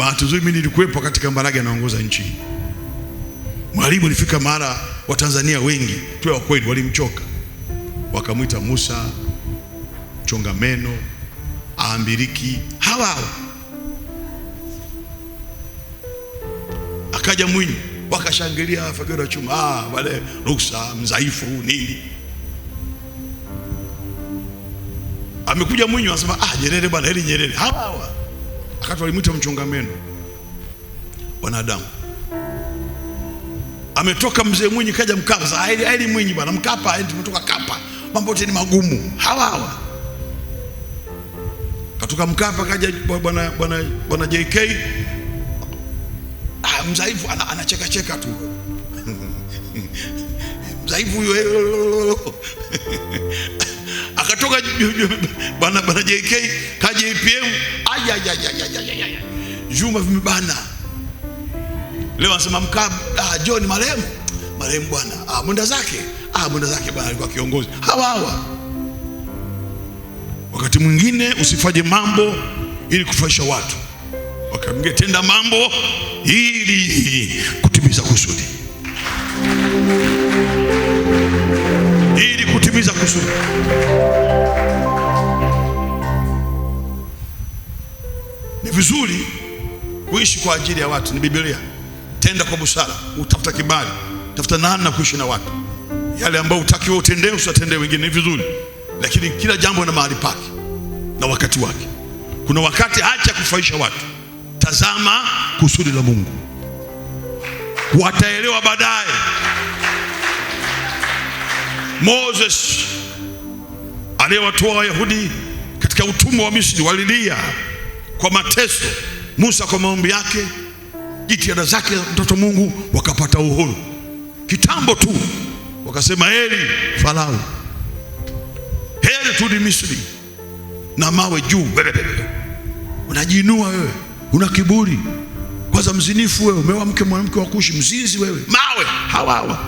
Bahati nzuri mimi nilikuwepo wakati Kambarage anaongoza nchi. Mwalimu alifika mara Watanzania wengi tuwe wa kweli walimchoka, wakamwita Musa chonga meno, aambiriki, hawa hawa. Akaja Mwinyi wakashangilia, fagio la chuma, ah, wale ruksa mzaifu nini. Amekuja Mwinyi anasema ah, Nyerere bwana, heli Nyerere, hawa hawa wakati walimwita mchonga meno wanadamu. Ametoka mzee Mwinyi kaja Mkapa, aili Mwinyi bwana Mkapa, aili tumetoka Kapa, mambo yote ni magumu. Hawa hawa katoka Mkapa kaja bwana bwana bwana JK ah, mzaifu anacheka ana tu mzaifu huyo eh, katoka bwana bwana JK ka JPM ayayayayayayaya vyuma vimebana. Leo anasema mkaa ah, John marehemu marehemu bwana ah, mwenda zake ah, mwenda zake bwana alikuwa kiongozi. Hawa hawa wakati mwingine usifanye mambo ili kufurahisha watu, wakati mwingine tenda mambo ili kutimiza kusudi ili kutimiza kusudi. vizuri kuishi kwa ajili ya watu ni Biblia. Tenda kwa busara, utafuta kibali, tafuta namna kuishi na watu. Yale ambayo utakiwa utendee usitendee wengine, ni vizuri, lakini kila jambo na mahali pake na wakati wake. Kuna wakati acha kufaisha watu, tazama kusudi la Mungu, wataelewa baadaye. Moses aliyewatoa Wayahudi katika utumwa wa Misri walilia kwa mateso, Musa kwa maombi yake, jitihada zake, mtoto Mungu wakapata uhuru. Kitambo tu wakasema heri Farao, heri turudi Misri, na mawe juu. Unajiinua wewe, una kiburi kwanza, mzinifu wewe, umeoa mke mwanamke wa Kushi, mzinzi wewe, mawe hawa hawa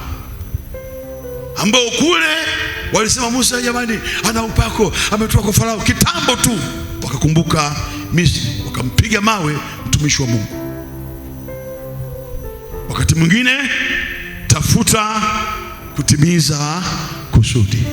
ambao kule walisema Musa, jamani, ana upako ametoka kwa Farao. Kitambo tu wakakumbuka Misri, wakampiga mawe mtumishi wa Mungu. Wakati mwingine tafuta kutimiza kusudi.